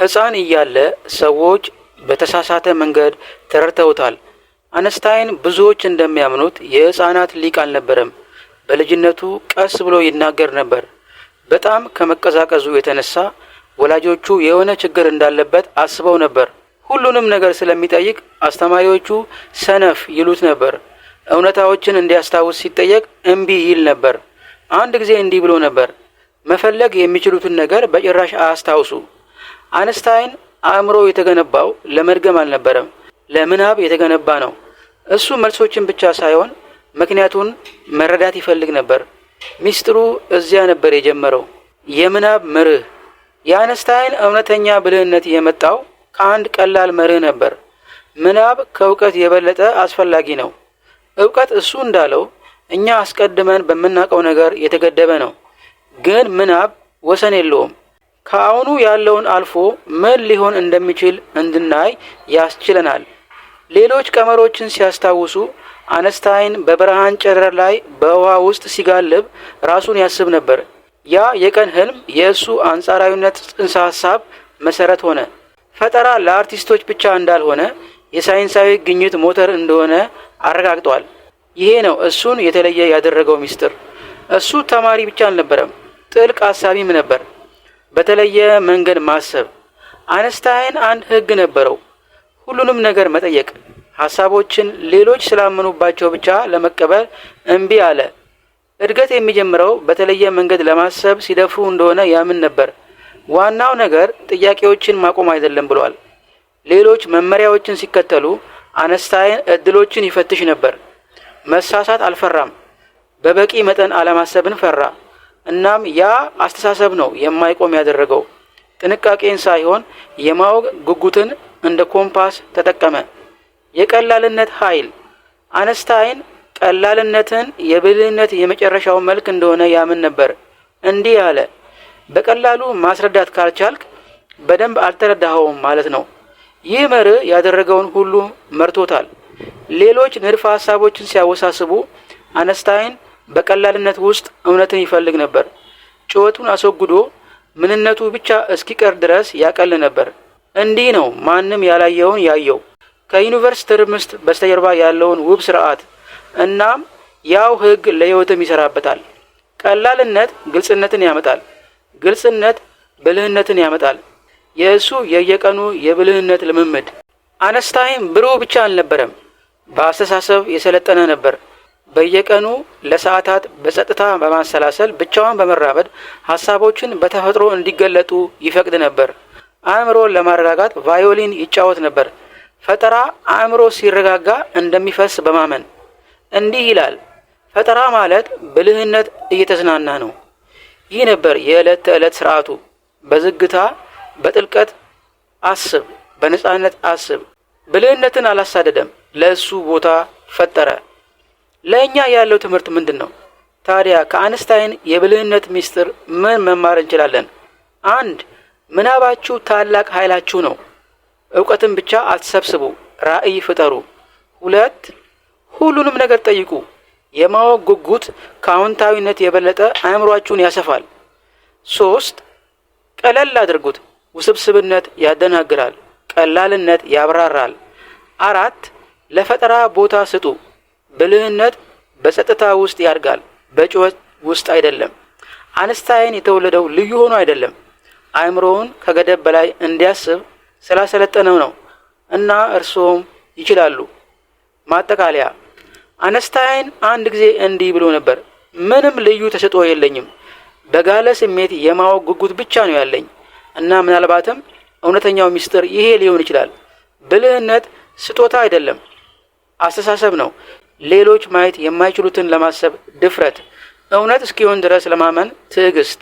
ህፃን እያለ ሰዎች በተሳሳተ መንገድ ተረድተውታል። አነስታይን ብዙዎች እንደሚያምኑት የህፃናት ሊቅ አልነበረም። በልጅነቱ ቀስ ብሎ ይናገር ነበር። በጣም ከመቀዛቀዙ የተነሳ ወላጆቹ የሆነ ችግር እንዳለበት አስበው ነበር። ሁሉንም ነገር ስለሚጠይቅ አስተማሪዎቹ ሰነፍ ይሉት ነበር። እውነታዎችን እንዲያስታውስ ሲጠየቅ እምቢ ይል ነበር። አንድ ጊዜ እንዲህ ብሎ ነበር፣ መፈለግ የሚችሉትን ነገር በጭራሽ አያስታውሱ አነስታይን አእምሮ የተገነባው ለመድገም አልነበረም፣ ለምናብ የተገነባ ነው። እሱ መልሶችን ብቻ ሳይሆን ምክንያቱን መረዳት ይፈልግ ነበር። ሚስጥሩ እዚያ ነበር የጀመረው። የምናብ መርህ የአነስታይን እውነተኛ ብልህነት የመጣው ከአንድ ቀላል መርህ ነበር። ምናብ ከእውቀት የበለጠ አስፈላጊ ነው። እውቀት እሱ እንዳለው እኛ አስቀድመን በምናውቀው ነገር የተገደበ ነው። ግን ምናብ ወሰን የለውም። ከአሁኑ ያለውን አልፎ ምን ሊሆን እንደሚችል እንድናይ ያስችለናል። ሌሎች ቀመሮችን ሲያስታውሱ አነስታይን በብርሃን ጨረር ላይ በውሃ ውስጥ ሲጋልብ ራሱን ያስብ ነበር። ያ የቀን ህልም የእሱ አንጻራዊነት ጽንሰ ሀሳብ መሰረት ሆነ። ፈጠራ ለአርቲስቶች ብቻ እንዳልሆነ የሳይንሳዊ ግኝት ሞተር እንደሆነ አረጋግጧል። ይሄ ነው እሱን የተለየ ያደረገው ሚስጥር። እሱ ተማሪ ብቻ አልነበረም፣ ጥልቅ አሳቢም ነበር። በተለየ መንገድ ማሰብ። አነስታይን አንድ ህግ ነበረው፣ ሁሉንም ነገር መጠየቅ። ሀሳቦችን ሌሎች ስላመኑባቸው ብቻ ለመቀበል እምቢ አለ። እድገት የሚጀምረው በተለየ መንገድ ለማሰብ ሲደፍሩ እንደሆነ ያምን ነበር። ዋናው ነገር ጥያቄዎችን ማቆም አይደለም ብሏል። ሌሎች መመሪያዎችን ሲከተሉ አነስታይን እድሎችን ይፈትሽ ነበር። መሳሳት አልፈራም። በበቂ መጠን አለማሰብን ፈራ። እናም ያ አስተሳሰብ ነው የማይቆም ያደረገው። ጥንቃቄን ሳይሆን የማወቅ ጉጉትን እንደ ኮምፓስ ተጠቀመ። የቀላልነት ኃይል አነስታይን ቀላልነትን የብልህነት የመጨረሻው መልክ እንደሆነ ያምን ነበር። እንዲህ አለ፣ በቀላሉ ማስረዳት ካልቻልክ በደንብ አልተረዳኸውም ማለት ነው። ይህ መርህ ያደረገውን ሁሉ መርቶታል። ሌሎች ንድፈ ሀሳቦችን ሲያወሳስቡ አነስታይን በቀላልነት ውስጥ እውነትን ይፈልግ ነበር። ጩኸቱን አስወግዶ ምንነቱ ብቻ እስኪቀር ድረስ ያቀል ነበር። እንዲህ ነው ማንም ያላየውን ያየው ከዩኒቨርስቲ ትርምስት በስተጀርባ ያለውን ውብ ስርዓት። እናም ያው ህግ ለህይወትም ይሰራበታል። ቀላልነት ግልጽነትን ያመጣል። ግልጽነት ብልህነትን ያመጣል። የእሱ የየቀኑ የብልህነት ልምምድ አነስታይም ብሩህ ብቻ አልነበረም፣ በአስተሳሰብ የሰለጠነ ነበር። በየቀኑ ለሰዓታት በጸጥታ በማሰላሰል ብቻዋን በመራመድ ሀሳቦችን በተፈጥሮ እንዲገለጡ ይፈቅድ ነበር። አእምሮን ለማረጋጋት ቫዮሊን ይጫወት ነበር። ፈጠራ አእምሮ ሲረጋጋ እንደሚፈስ በማመን እንዲህ ይላል። ፈጠራ ማለት ብልህነት እየተዝናና ነው። ይህ ነበር የዕለት ተዕለት ስርዓቱ። በዝግታ በጥልቀት አስብ፣ በነፃነት አስብ። ብልህነትን አላሳደደም፣ ለእሱ ቦታ ፈጠረ። ለእኛ ያለው ትምህርት ምንድን ነው? ታዲያ ከአንስታይን የብልህነት ሚስጥር ምን መማር እንችላለን? አንድ ምናባችሁ ታላቅ ኃይላችሁ ነው። እውቀትን ብቻ አትሰብስቡ፣ ራዕይ ፍጠሩ። ሁለት ሁሉንም ነገር ጠይቁ። የማወቅ ጉጉት ከአዎንታዊነት የበለጠ አእምሯችሁን ያሰፋል። ሶስት ቀለል አድርጉት። ውስብስብነት ያደናግራል፣ ቀላልነት ያብራራል። አራት ለፈጠራ ቦታ ስጡ። ብልህነት በጸጥታ ውስጥ ያድጋል፣ በጩኸት ውስጥ አይደለም። አንስታይን የተወለደው ልዩ ሆኖ አይደለም፣ አእምሮውን ከገደብ በላይ እንዲያስብ ስላሰለጠነው ነው። እና እርስዎም ይችላሉ። ማጠቃለያ፣ አነስታይን አንድ ጊዜ እንዲህ ብሎ ነበር፣ ምንም ልዩ ተሰጥኦ የለኝም፣ በጋለ ስሜት የማወቅ ጉጉት ብቻ ነው ያለኝ እና ምናልባትም እውነተኛው ሚስጥር ይሄ ሊሆን ይችላል። ብልህነት ስጦታ አይደለም፣ አስተሳሰብ ነው። ሌሎች ማየት የማይችሉትን ለማሰብ ድፍረት፣ እውነት እስኪሆን ድረስ ለማመን ትዕግስት